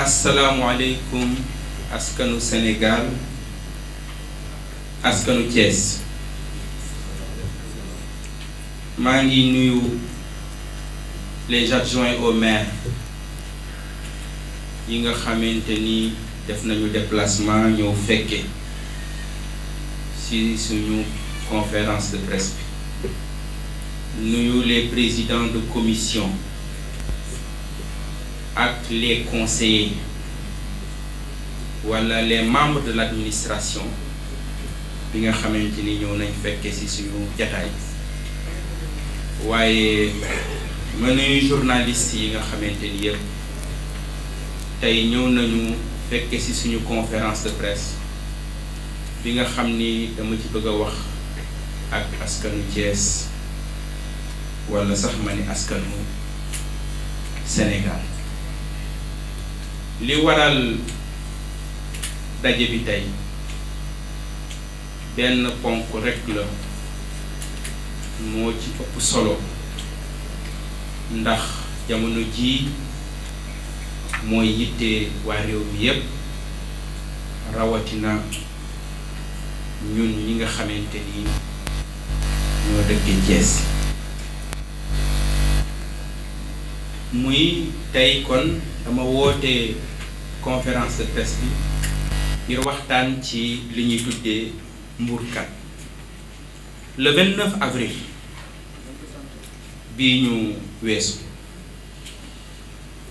asalaamualeykum askanu Sénégal askanu Thiès maa ngi nuyu les adjoints au maire yi nga xamante ni def na nañu déplacement ñoo fekke si suñu conférence de presse bi nuyu les président de commission ak les conseillers wala les membre de l'administration bi nga xamante ni ñëw nañ fekke ci suñu jataay waaye mënuñu journaliste yi nga xamante ni yëpp tey ñëw nañu fekke ci suñu conférence de presse bi nga xam ni dama ci bëgg a wax ak askanu jees wala sax ma ni askanu Sénégal li waral daje bi tey benn ponk rekk la moo ci ëpp solo ndax jamono jii mooy yitte waa réew mi yépp rawatina ñun ñi nga xamante ni ñoo dëkkee Thiès muy tey kon dama woote conférence de presse bi ngir waxtaan ci li ñuy tuddee mbuurkat le 29 avril bi ñu weesu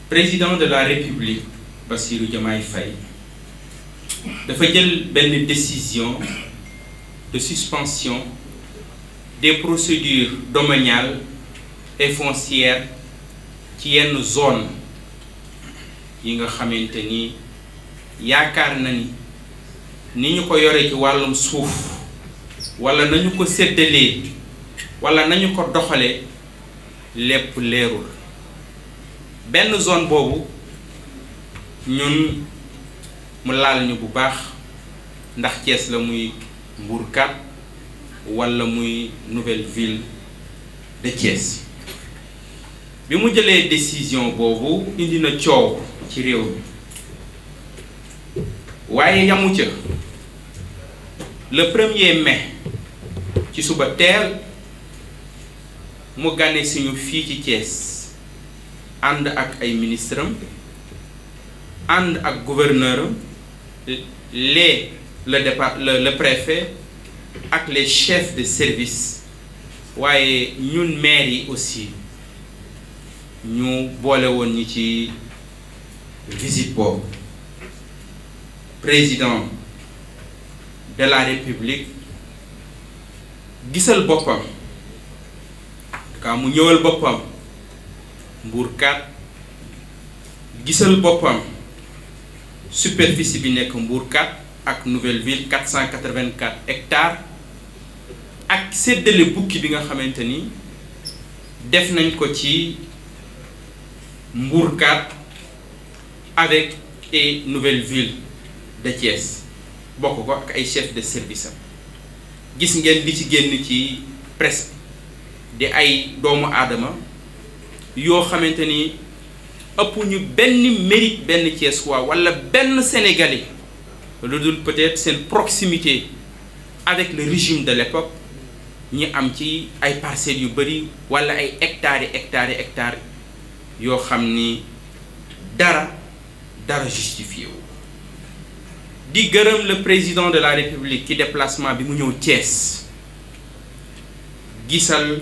président de la république Bassirou Diomaye fay dafa jël benn décision de suspension des procédures domaniales et foncière ci yenn zone yi nga xamante ni yaakaar na ni ni ñu ko yore ci wàllum suuf wala nañu ko séddalee wala nañu ko doxalee lépp leerul benn zone boobu ñun mu laal ñu bu baax ndax cees la muy Mbourkat wala muy nouvelle ville de Thiès bi mu jëlee décision boobu indi na coow. ci réew mi waaye yamu ca le premier mais ci suba teel mu gane suñu fii ci Thiès ànd ak ay ministrem ànd ak gouverneur am les le départ le préfet ak les chef de service waaye ñun maire yi aussi ñu boole woon ñi ci visite boobu président de la république gisal boppam kaa mu ñëwal boppam mbuurkat gisal boppam superficie bi nekk mbuurkat ak nouvelle ville 484 hectares ak séddale bukki bi nga xamante ni def nañ ko ci mbuurkat avec et nouvelle ville de Thiès bokk ko ak ay chef de service am gis ngeen li ci génn ci presque di ay doomu aadama yoo xamante ni ëpp ñu benn mérite benn Thiès waa walla benn sénégalais lu dul peut-être seen proximité avec le régime de l'époque ñi am ci ay parcelles yu bëri wala ay hectares yi hectares hectares yoo xam ni dara dara justifié di gërëm le président de la république ci déplacement bi mu ñëw cees gisal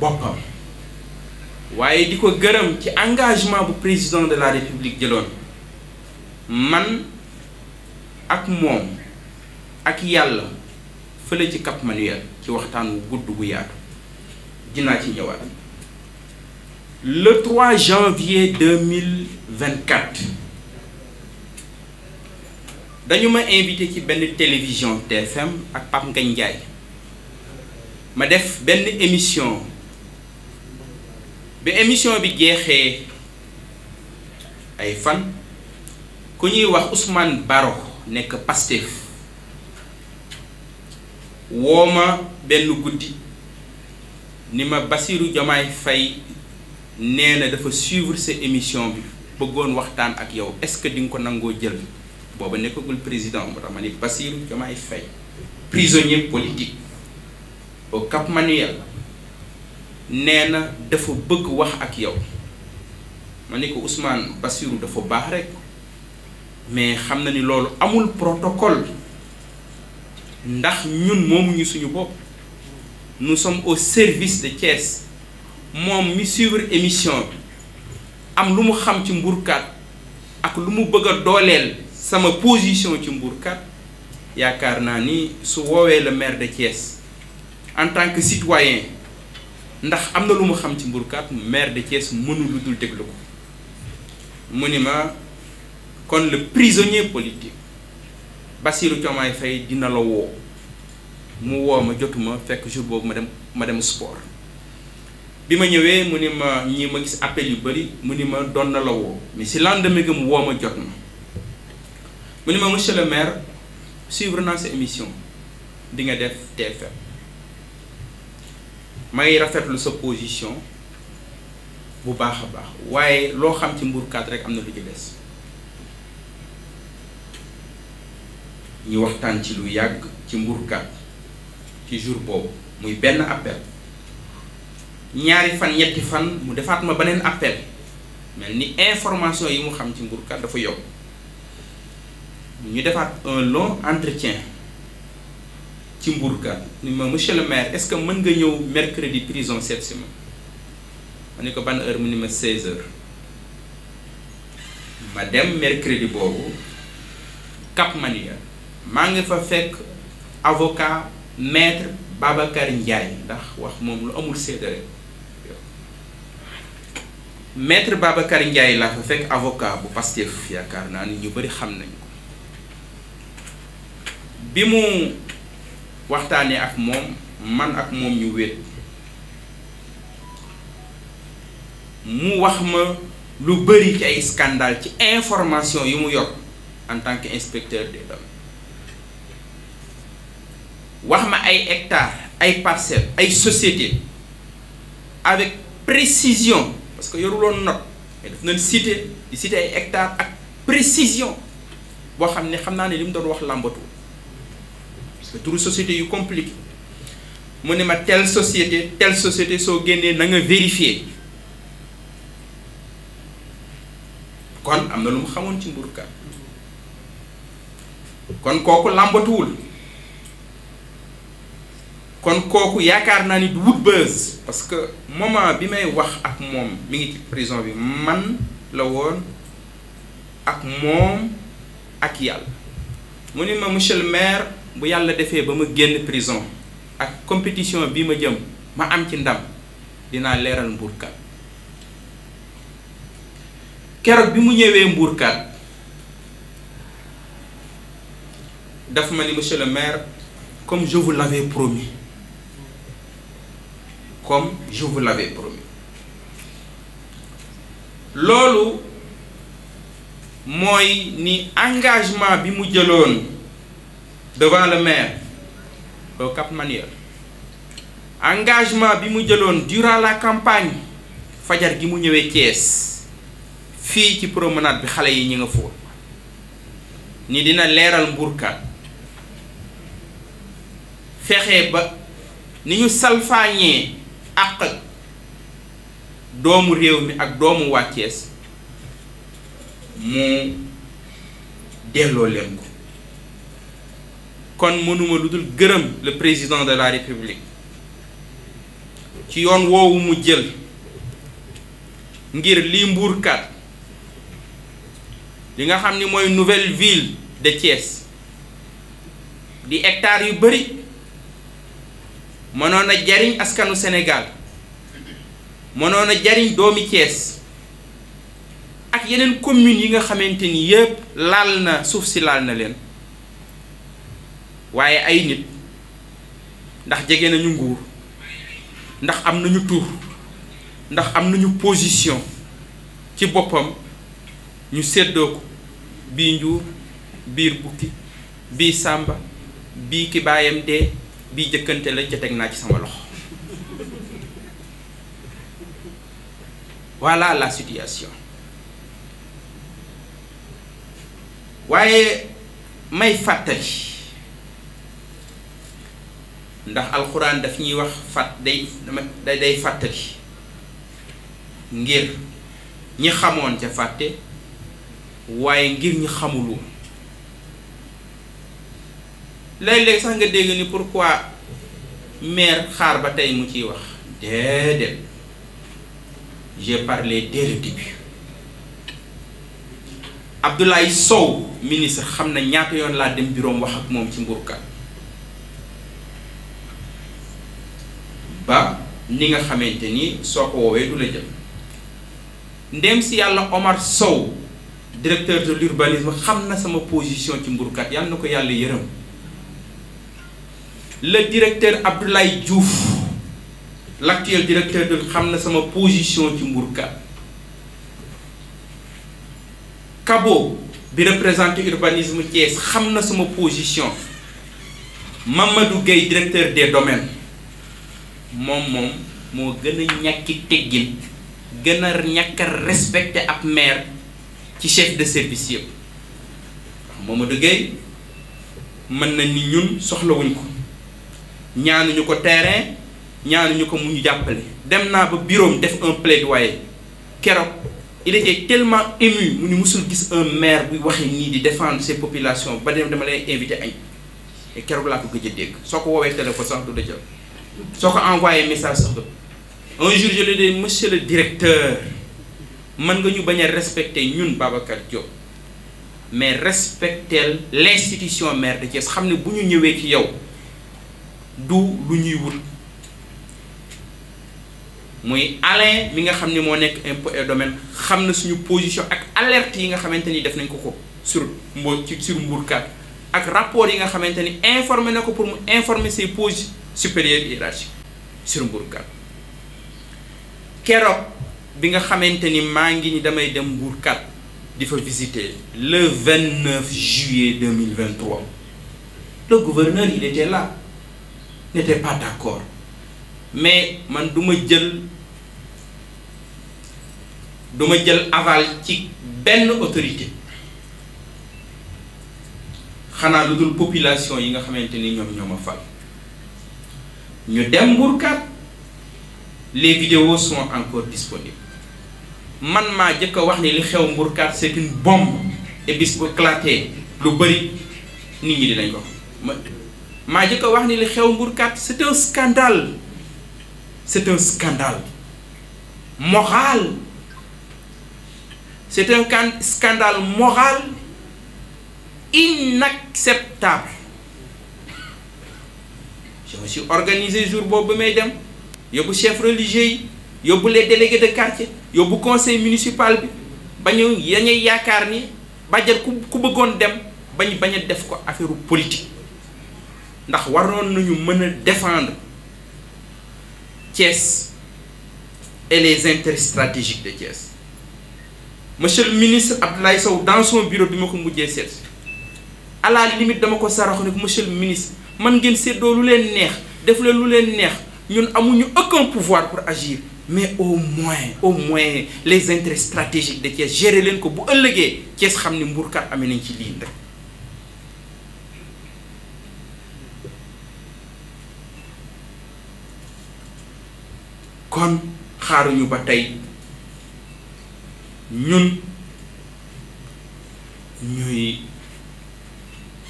boppam waaye di ko gërëm ci engagement bu président de la république jëloon man ak moom ak yàlla fële ci Cap Manuel ci waxtaan wu gudd gu yaatu dinaa ci ñëwaat. le 3 janvier 2024 dañu ma invité ci benn télévision TFM ak Pape Ngagne Ndiaye ma def benn émission ba émission bi jeexee ay fan ku ñuy wax Ousmane Baro nekk Pastef woo ma benn guddi ni ma basiru Diomaye fay nee na dafa suivre sa émission bi bëggoon waxtaan ak yow est-ce que di nga ko nangoo jël booba nekkagul président moo tax ma ni Bassirou Diomaye Faye prisonnier politique au Cap Manuel nee na dafa bëgg wax ak yow ma ni ko Ousmane Bassirou dafa baax rek mais xam na ni loolu amul protocole ndax ñun moomuñu suñu bopp nu sommes au service de Thiès moom mi suivre émission am lu mu xam ci mburkat ak lu mu bëgg a dooleel sama position ci mburkat yaakaar naa ni su woowee le maire de Thiès en tant que citoyen ndax am na lu mu xam ci mburkat maire de Thiès mënul lu dul déglu ko mu ni ma kon le prisonnier politique Bassirou Diomaye fay dina la woo mu woo ma jotuma fekk jour boobu ma dem ma dem sport bi ma ñëwee mu ni ma ñi ma gis appel yu bëri mu ni ma doon na la woo si lendemain mu woo ma jot ma mu ni ma monsieur le maire suivre naa sa émission bi nga def TFM may rafetlu sa position bu baax a baax waaye loo xam ci mbuurkat rek am na lu ci ñu waxtaan ci lu yàgg ci mbuurkat ci jour boobu muy benn appel ñaari fan ñetti fan mu defaat ma beneen appel mel ni information yi mu xam ci mburkat dafa yokk ñu defaat un long entretien ci mburkat ni ma monsieur le maire est-ce que mën nga ñëw mercredi prison seet si ma ma ne ko ban heure mu ni ma 16 heures ma dem mercredi boobu Cap Manuel maa ngi fa fekk avocat maître Babacar Ndiaye ndax wax moom lu amul séedare maître Babacar Ndiaye laa fa fekk avocat bu Pastef yaakaar naa ni ñu bari xam nañ ko bi mu waxtaanee ak moom man ak moom ñu wéet mu wax ma lu bëri ay scandale ci information yu mu yor en tant que inspecteur des domaines wax ma ay hecta ay parcelles ay sociétés avec précision parce que yoruloon note mais daf nañ cité di cité ay hectares ak précision boo xam ne xam naa ne li mu doon wax làmbatu parce que turu société yu compliqué mu ne ma telle societé telle société soo génnee na nga vérifier kon am na lu mu xamoon ci Mbour 4 kon kooku làmbatuwul kon kooku yaakaar naa ni du wut buzz parce que moment bi may wax ak moom mi ngi ci prison bi man la woon ak moom ak yàlla mu ni ma monsieur le maire bu yàlla defee ba ma génn prison ak compétition bi ma jëm ma am ci ndam dinaa leeral mbuurkat keroog bi mu ñëwee mbuurkat daf ma ni monsieur le maire comme je vous l'avais promis comme loolu mooy ni engagement bi mu jëloon devant le maire au Cap engagement bi mu jëloon durant la campagne fajar gi mu ñëwee Thiès fii ci promenade bi xale yi ñu nga fóot ni dina leeral mburkat fexe ba ni ñu salfaañee doomu réew mi ak doomu waa Thiès mu delloo leen ko kon mënuma lu dul gërëm le président de la république ci yoon woowu mu jël ngir lii mbuurkat li nga xam ni mooy nouvelle ville de Thiès di hectare yu bari mënoon jariñ askanu Sénégal mënoon a jariñ doomi Cees ak yeneen communes yi nga xamante ni yépp laal na suuf si laal na leen waaye ay nit ndax jege nañu nguur ndax am nañu tur ndax am nañu position ci boppam ñu seddoo ko bii njuur biir bukki bii sàmba bii kibaayam baayam dee bii jëkkante la ca teg naa ci sama loxo voilà la situation waaye may fàttali ndax alxuraan daf ñuy wax fàtt day day day fàttali ngir ñi xamoon ca fàtte waaye ngir ñi xamul woon léeg-léeg sax nga dégg ni pourquoi maire xaar ba tey mu ciy wax déedéet j'ai parlé dès le début Abdoulaye Sow ministre xam na ñaata yoon laa dem bureau wax ak moom ci mburkat ba ni nga xamante ni soo ko woowee du la jëm ndem si yàlla Omar Sow directeur de l'urbanisme xam na sama position ci mburkat yàlla na ko yàlla yërëm le directeur Abdoulaye Diouf l'actuel directeur de xam na sama position ci Mbourkat Kabo bi représenté urbanisme Thiès xam na sama position Mamadou Gueye directeur des domaines moom moom moo gën a ñàkki teggin gën a ñàkk a respecté ab maire ci chef de service yëpp Mamadou Gueye mën na ni ñun soxlawuñ ko ñaanuñu ko terrain ñaanuñu ko mu ñu jàppale dem naa ba bureau def un plaidoyer keroog il était tellement ému mu ni musul gis un maire buy waxee nii di défendre ses population ba dem dama lay invité añ te keroog laa ko gëj a dégg soo ko woowee téléphone sax du la jël soo ko envoyé message sax un jour je lui ai le directeur mën nga ñu bañ a respecter ñun Babacar Diop mais respecter l'institution maire de Thiès xam ne bu ñu ñëwee ci yow du lu ñuy wut. muy Alain mi nga xam ni moo nekk impôt et domaine xam na suñu position ak alerte yi nga xamante ni def nañ ko ko sur mbo ci sur ak rapport yi nga xamante ni informé na ko pour mu informer ses postes supérieurs hiérarchiques sur Mbourkat keroog bi nga xamante ni maa ngi ni damay dem kat di fa visiter le 29 juillet 2023 le gouverneur il était là n'était pas d'accord mais man du jël du jël aval ci benn autorité xanaa lu dul population yi nga xamante ni ñoom ñoo ma fal ñu dem mburkat léegi vidéos sont encore disponibles man maa jëkk a wax ni li xew mburkat c'est une bombe et bis lu bëri nit ñi dinañ ko maa jëkk a wax ni li xew mburkat c'est un scandale c'est un scandale moral c'est un scandale moral inacceptable je me suis organisé jour boobu may dem yóbbu chef religieux yi yóbbu les délégués de quartier yóbbu conseil municipal bi ba ñu dañuy yaakaar ni bàjjal ku ku bëggoon dem bañ bañ a def ko affaire politique ndax waroon nañu mën a défendre Thiès et les intérêts stratégiques de Thiès. monsieur le ministre Abdoulaye Sow dans son bureau bi ma ko mujjee seet à la dama ko sarax ne monsieur ministre man ngeen séddoo lu leen neex def leen lu leen neex ñun amuñu aucun pouvoir pour agir mais au moins au moins les intérêts stratégiques de Thiès gérer leen ko bu ëllëgee Thiès xam ne mbuurkat amee nañ ci lii rek. kon xaaruñu ba tey. ñun ñuy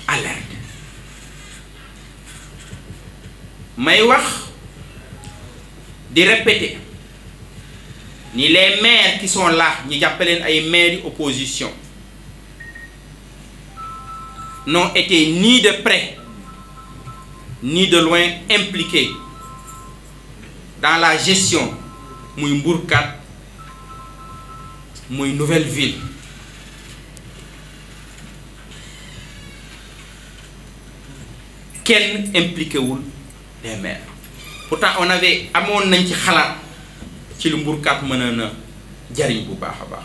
alerte may wax di répéter ni les maires qui sont là ñi jàppaleen ay maires yu opposition n'ont été ni de près ni de loin impliqués dans la gestion muy mburkat muy nouvelle ville kenn impliqué wul les maires pourtant on avait amoon nañ ci xalaat ci lu mburkaat mën na na jariñ bu baax a baax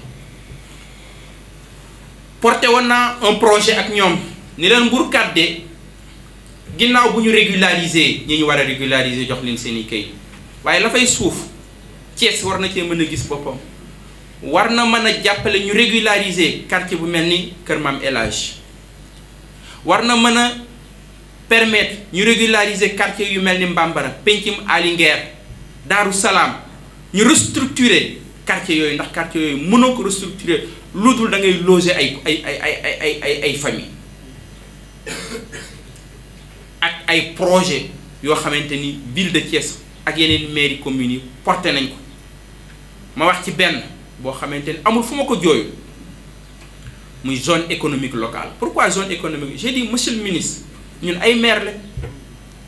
porté woon naa un projet ak ñoom ni leen mburkaat de ginnaaw bu ñu régulariser ñi ñu war a régulariser jox leen seen i këy waaye la fay suuf Thiès war na cee mën a gis boppam war na mën a jàppale ñu régulariser quartier bu mel ni Kër Maam El war na mën a permettre ñu régulariser quartier yu mel ni Mbambara Pencim Ali Nguer Daaru Salaam ñu restructurer quartier yooyu ndax quartier yooyu mënoo ko restructurer lu dul da ngay loger ay ay ay ay ay ay ay famille ak ay projet yoo xamante ni ville de Thiès ak yeneen mairie communes yi porté nañ ko ma wax ci benn boo xamante ni amul fu ma ko jooyu muy zone économique local pourquoi zone économique j'ai dit monsieur ministre ñun ay maire la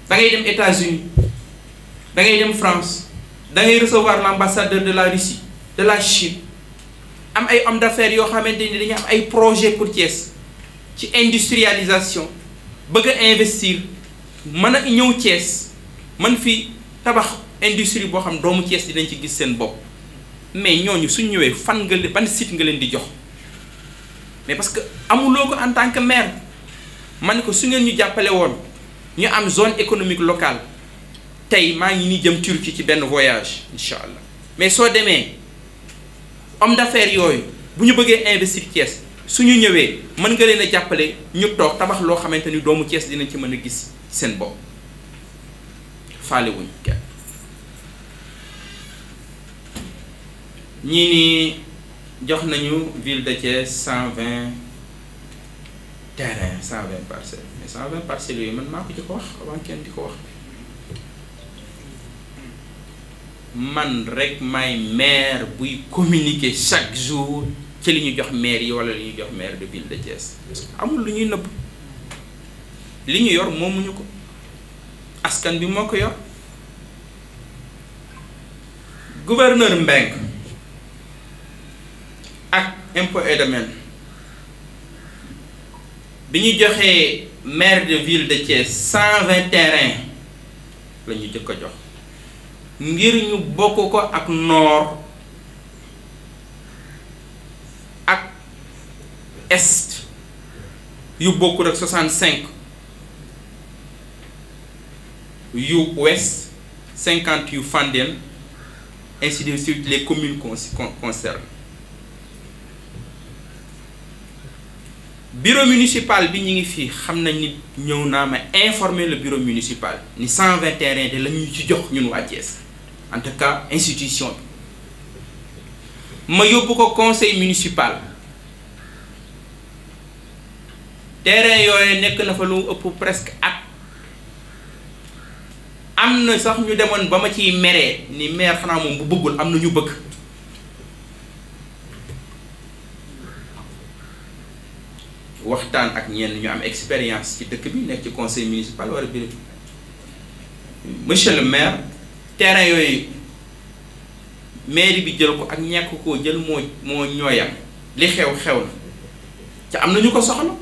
da ngay dem États-Unis da ngay dem France da ngay recevoir l'ambassadeur de la Russie de la Chine am ay hommes d'affaires yoo xamante ni dañu am ay projet pour Thiès ci industrialisation bëgg investir mën a ñëw Thiès man fi tabax industrie boo xam doomu Thiès dinañ ci gis seen bopp mais ñooñu suñ ñëwee fan nga ban site nga leen di jox mais parce que amuloo ko en tant que maire ma ko su ngeen ñu jàppale woon ñu am zone économique locale tey maa ngi nii jëm Turquie ci benn voyage incha allah mais soo demee homme d'affaires yooyu bu ñu bëggee investir Thiès su ñu ñëwee mën nga leen a jàppale ñu toog tabax loo xamante ni doomu Thiès dinañ ci mën a gis seen bopp ñii nii jox nañu ville de Thiès cent vingt terrain cent vingt parcelles mais cent vingt parcelles yooyu man maa ko ci wax avant kenn di ko wax man rek may maire buy communiquer chaque jour ci li ñu jox maire yi wala li ñu jox maire de ville de Thiès amul lu ñuy nëbb li ñu yor moomuñu ko askan bi moo ko yor gouverneur Mbeng impôt et domaine bi ñu joxee maire de ville de Thiès terrain la ñu jëkk a jox ngir ñu bokk ko ak nord ak est yu bokk rek cinq yu ouest yu Fandène ainsi de suite les communes concernées bureau municipal bi ñu ngi fii xam na ni ñëw naa ma informer la bureau municipal ni 120 terrain de la ñu ci jox ñun waa Thiès en tout cas institution bi ma yóbbu ko conseil municipal terrain yooyu nekk na fa lu ëpp presque at am na sax ñu demoon ba ma ciy meree ni maire xanaa moom bu bëggul am na ñu bëgg waxtaan ak ñenn ñu am expérience ci dëkk bi nekk ci conseil municipal wala bureau monsieur le maire terrain yooyu maire bi jël ko ak ñàkk ko jël moo moo ñooyam li xew xew na ca am nañu ko soxla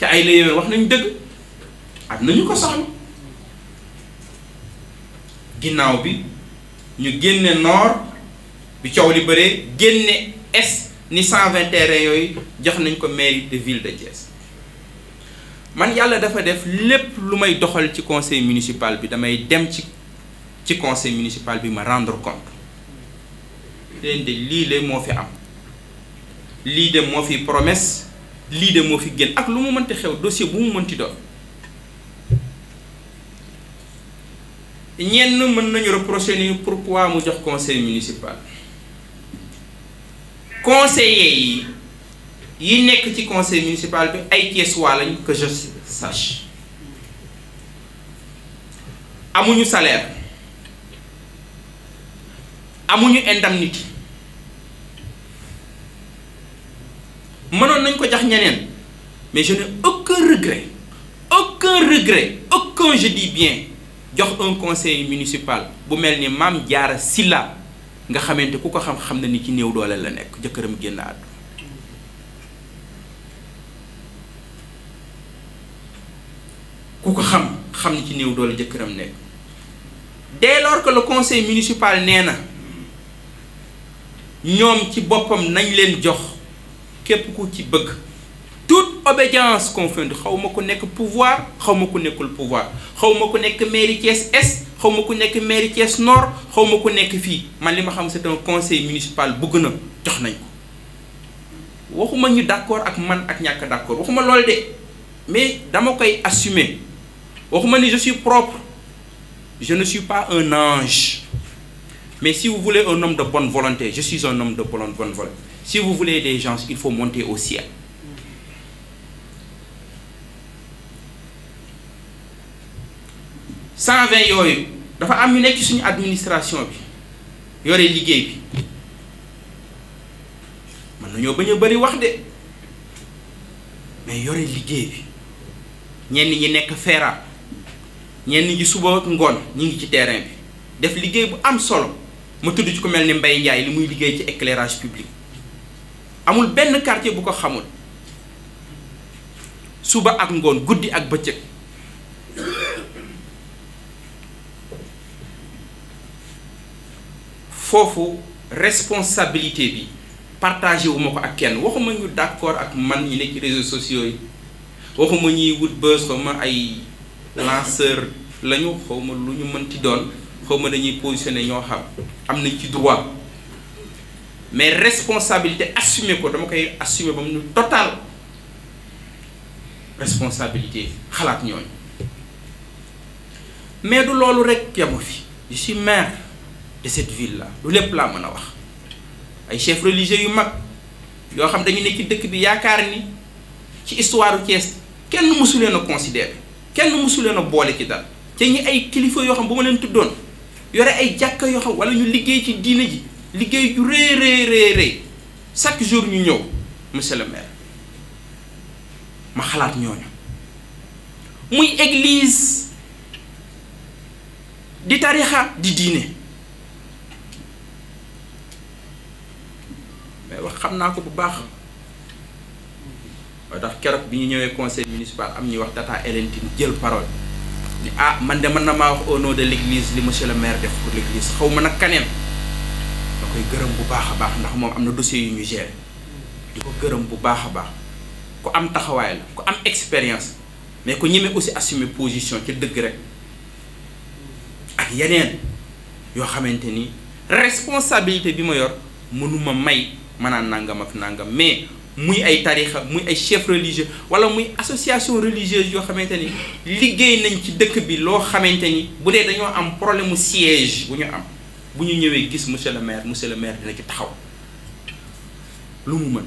ca ay la yéwén wax nañ dëgg am nañu ko soxla ginnaaw bi ñu génne noor bi coow li bëree génne est ni 120 terrain yooyu jox nañ ko mairie de ville de Thiès man yàlla dafa def lépp lu may doxal ci conseil municipal bi damay dem ci ci conseil municipal bi ma rendre compte leen de lii de moo fi am lii de moo fi promesse lii de moo fi génn ak lu mu mënti xew dossier bu mu mënti doon ñenn mën nañu reprocher pour pourquoi mu jox conseil municipal conseillers yi yi nekk ci conseil municipal bi ay Thiessois lañ que je sache amuñu salaire amuñu indemnité mënoon nañ ko jox ñeneen mais je n'ai aucun regret aucun regret aucun je dis bien jox un conseil municipal bu mel ni Mame Diarra Sylla nga xamante ku ko xam xam na ni ci néew doole la nekk jëkkëram génn àddu ku ko xam xam ni ci néew doole jëkkëram nekk dès lors que le conseil municipal nee na ñoom ci boppam nañ leen jox képp ku ci bëgg toute obédience confondue xaw ma ko nekk pouvoir xaw ma ko nekkul pouvoir xaw ma ko nekk mairie Thiès Est xaw ku nekk mairie Thiès Nord xaw ma ku nekk fii man li ma xam c'est un conseil municipal bëgg na jox nañ ko waxuma ñu d'accord ak man ak ñàkk d'accord waxuma lool de mais dama koy assumer waxuma ni je suis propre je ne suis pas un ange mais si vous voulez un homme de bonne volonté je suis un homme de bonne volonté si vous voulez des gens il faut monter au ciel cent vingt yooyu dafa am ñu nekk ci suñu administration bi yore liggéey bi mën nañoo ba a bari wax de mais yore liggéey bi ñenn ñi nekk feera ñenn ñi suba ak ngoon ñi ngi ci terrain bi def liggéey bu am solo ma tudd ci ko mel ni mbay Ndiaye li muy liggéey ci éclairage public amul benn quartier bu ko xamul suba ak ngoon guddi ak bëccëg foofu responsabilité bi partagé wu ma ko ak kenn waxuma ñu d'accord ak man ñi nekk ci réseaux sociaux yi waxuma ñuy wut bës ma ay lanceur lañu xaw ma lu ñu mën mënti doon xaw ma dañuy positionné ñoo xam am nañ ci droit mais responsabilité assumer ko dama koy assumé ba mu ñu total responsabilité xalaat ñooñu mais du loolu rek yamu fi je maire de cette ville lu lépp laa mën a wax ay chefs religieux yu mag yoo xam dañu ne ci dëkk bi yaakaar ni ci histoire Thiès kenn mësu leen a considéré kenn mësu leen a boole ci dal te ñi ay kilifa yoo xam bu ma leen tuddoon yore ay jàkka yoo xam wala ñu liggéey ci diine ji liggéey ju rëy rëy rëy chaque jour ñu ñëw monsieur le ma xalaat ñooñu muy église di tarixa di diine. wax xam naa ko bu baax moo tax keroog bi ñu ñëwee conseil municipal am ñuy wax Tata Hélène jël parole ni ah man de mën na maa wax au nom de l'église li monsieur le maire def pour l'église xaw ma nag kaneen da koy gërëm bu baax a baax ndax moom am na dossier yu ñu géré di ko gërëm bu baax a baax ku am taxawaay la ku am expérience mais ko ñemee aussi assumer position ci dëgg rek ak yeneen yoo xamante ni responsabilité bi ma yor mënuma may manaan nangam ak nangam mais muy ay tarixa muy ay chef religieux wala muy association religieuse yoo xamante ni liggéey nañ ci dëkk bi loo xamante ni bu dee dañoo am problème mu siège bu ñu am bu ñu ñëwee gis monsieur le maire monsieur le maire dina ci taxaw lu mu mën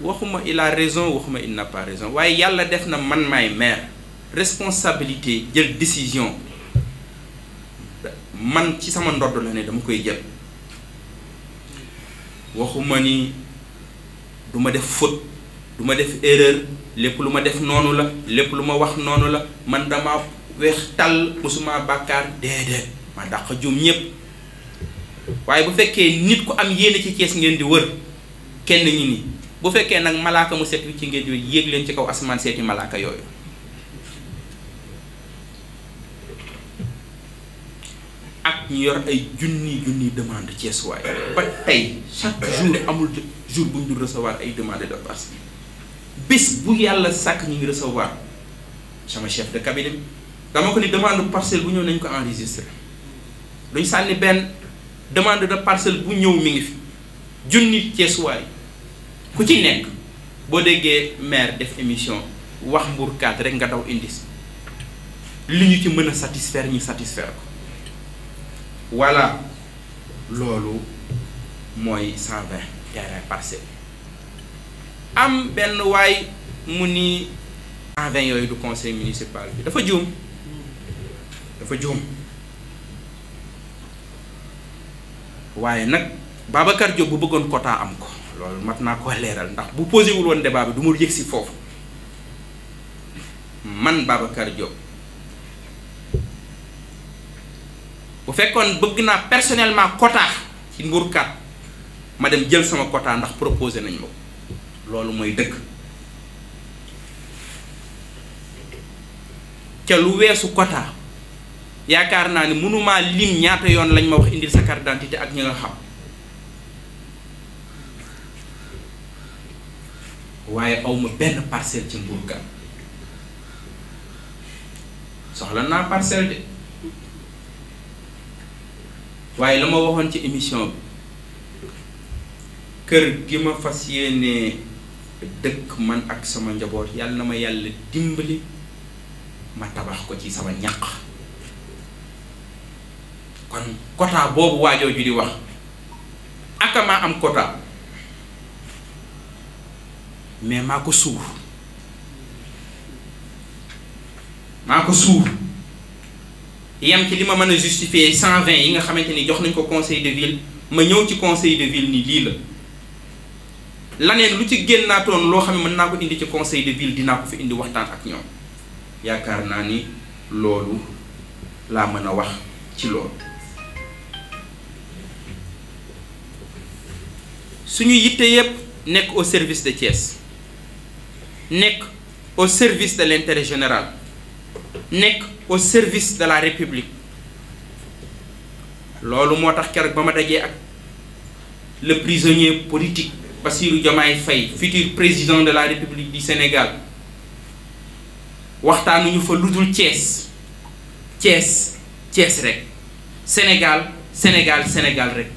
waxuma il a raison waxuma il n'a pas raison waaye yàlla def na man maay maire responsabilité jël décision man ci sama ndodd la ne dama koy jël waxuma ni duma def faute duma def erreur lépp lu ma def noonu la lépp lu ma wax noonu la man dama weex tàll musuma bàkkaar déedéet ma dàq jum ñépp waaye bu fekkee nit ku am yéene ci Cees ngeen di wër kenn ñi ni bu fekkee nag malaaka mu set wi ci ngeen di yéeg leen ci kaw asamaan seeti malaaka yooyu ñu yor ay junni junni demande Cees waay ba tey chaque jour amul jour bu ñu dul recevoir ay demande de passe bés bu yàlla sàkk ñu ngi recevoir sama chef de cabinet dama ko ni demande parcelle bu ñëw nañ ko enregistré duñ sànni benn demande de parcelle bu ñëw mi ngi fi junni Cees waay ku ci nekk boo déggee maire def émission wax mbuurkaat rek nga daw indice li ñu ci mën a satisfaire ñu satisfaire ko voilà loolu mooy cent vingt terrain parcelle am benn waay mu ni cent vingt yooyu du conseil municipal bi dafa juum dafa juum waaye nag baabakar Diop bu bëggoon quota am ko loolu mat naa ko leeral ndax bu posé wul woon débat bi du mu yëg si foofu man Babacar Diop bu fekkoon bëgg naa personnellement quota ci mbuurkat ma dem jël sama quota ndax proposé nañ ma ko loolu mooy dëkk ca lu weesu quota yaakaar naa ni mënuma lim ñaata yoon lañ ma wax indil sa carte d'identité ak ñi nga xam waaye awma benn parcelle ci mbuurkat soxla naa parcelle de waaye la ma waxoon ci émission bi kër gi ma fas yéene dëkk man ak sama njaboot yàlla na ma yàlla dimbali ma tabax ko ci sama ñaq kon quota boobu waajoo ju di wax aka maa am quota mais maa ko suur maa ko suur yem ci li ma mën a justifier cent vingt yi nga xamante ni jox nañ ko conseil de ville ma ñëw ci conseil de ville ni lii la laneen lu ci génnaatoon loo xam ne mën naa ko indi ci conseil de ville dinaa ko fi indi waxtaan ak ñoom yaakaar naa ni loolu laa mën a wax ci loolu suñu yitte yépp nekk au service de Thiès nekk au service de l'intérêt général nekk au service de la république loolu moo tax keroog ba ma dajee ak le prisonnier politique Bassirou Diomaye fay futur président de la république du Sénégal waxtaanuñu fa ludul cees Thiès cees rek Sénégal Sénégal Sénégal rek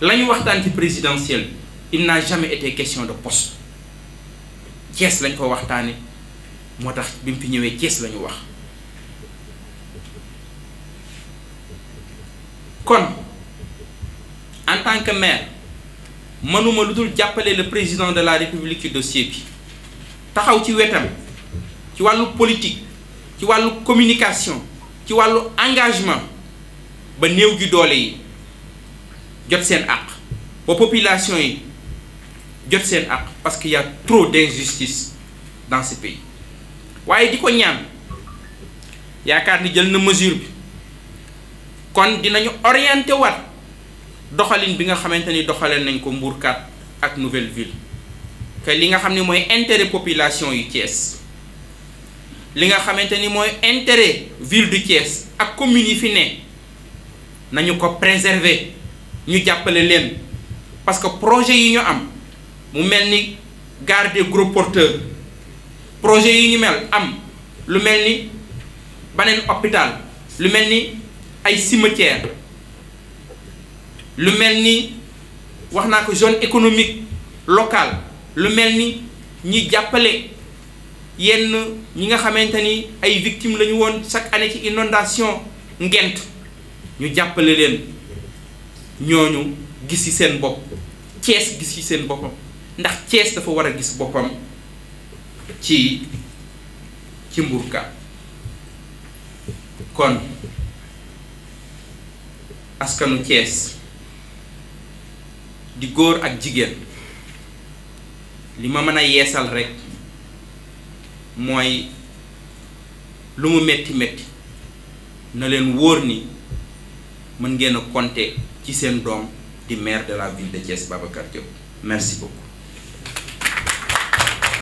la ñu waxtaan ci présidentiel il n'a jamais été question de poste Thiès lañ ko waxtaanee. moo tax bi mu fi ñëwee Thiès lañu wax kon en tant que maire mënuma lu dul jàppale le président de la république ci dossier bi taxaw ci wetam ci wàllu politique ci wàllu communication ci wàllu engagement ba néew gi doole yi jot seen àq ba population yi jot seen àq parce que y a trop d'injustice dans ce pays waaye di ko ñaan yaakaar ni jël na mesure bi kon dinañu orienté waat doxalin bi nga xamante ni doxaleen nañ ko Mbourkat ak Nouvelle Ville que li nga xam ne mooy intérêt population yu Thiès li nga xamante ni mooy intérêt ville de Thiès ak commune yi fi ne nañu ko préserver ñu jàppale leen parce que projet yi ñu am mu mel ni gare des gros porteurs projet yi ñu mel am lu mel ni beneen hôpital lu mel ni ay cimetière lu mel ni wax naa ko zone économique local lu mel ni ñi jàppale yenn ñi nga xamante ni ay victimes lañu woon chaque année ci inondation ngent ñu jàppale leen ñooñu gis ci seen bopp Thiès gis ci seen boppam ndax cees dafa war a gis boppam ci ci mburkat kon askanu Cees di góor ak jigéen li ma mën a yeesal rekk mooy lu mu metti metti na leen wóor ni mën ngeen a ci seen doom di maire de la ville de Thiès Babacar Diop merci beaucoup